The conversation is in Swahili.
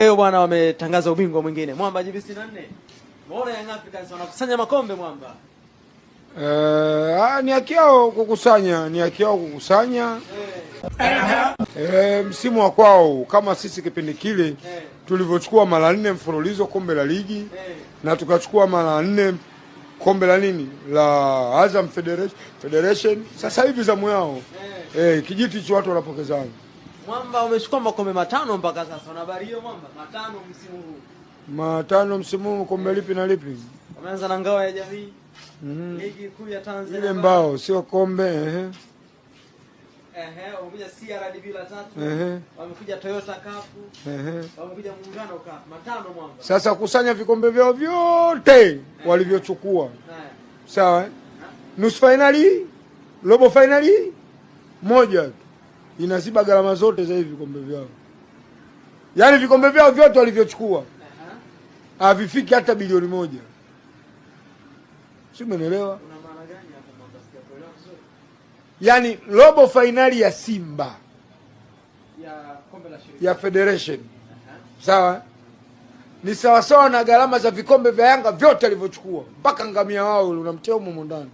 Leo bwana wametangaza ubingwa mwingine Mwamba GB 64. Mbona Young Africans wanakusanya makombe Mwamba? Uh, ni haki yao kukusanya, ni haki yao kukusanya hey. Eh. E, eh, msimu wa kwao kama sisi kipindi kile hey, tulivyochukua mara nne mfululizo kombe la ligi hey, na tukachukua mara nne kombe la nini la Azam Federation, Federation. Sasa hivi zamu yao hey, hey, kijiti cho watu wanapokezana Mwamba umechukua makombe matano mpaka sasa. Una habari hiyo Mwamba? Matano msimu huu. Matano msimu huu kombe lipi na lipi? Wameanza na ngao ya jamii. Mm. Ligi kuu ya Tanzania. Ile mbao sio kombe ehe. Ehe, wamekuja CRDB la tatu. Ehe. Wamekuja Toyota Cup. Ehe. Wamekuja Muungano Cup. Matano Mwamba. Sasa kusanya vikombe vyao vyote eh. walivyochukua. Eh. Sawa? Eh? Nusu finali, robo finali moja tu inaziba gharama zote za hivi vikombe vyao. Yaani vikombe vyao vyote walivyochukua uh-huh. havifiki hata bilioni moja, si umeelewa? Yaani robo fainali ya Simba ya, kombe la shirikisho ya federation uh-huh. sawa, ni sawasawa na gharama za vikombe vya Yanga vyote alivyochukua mpaka ngamia wao ule unamtia humo ndani.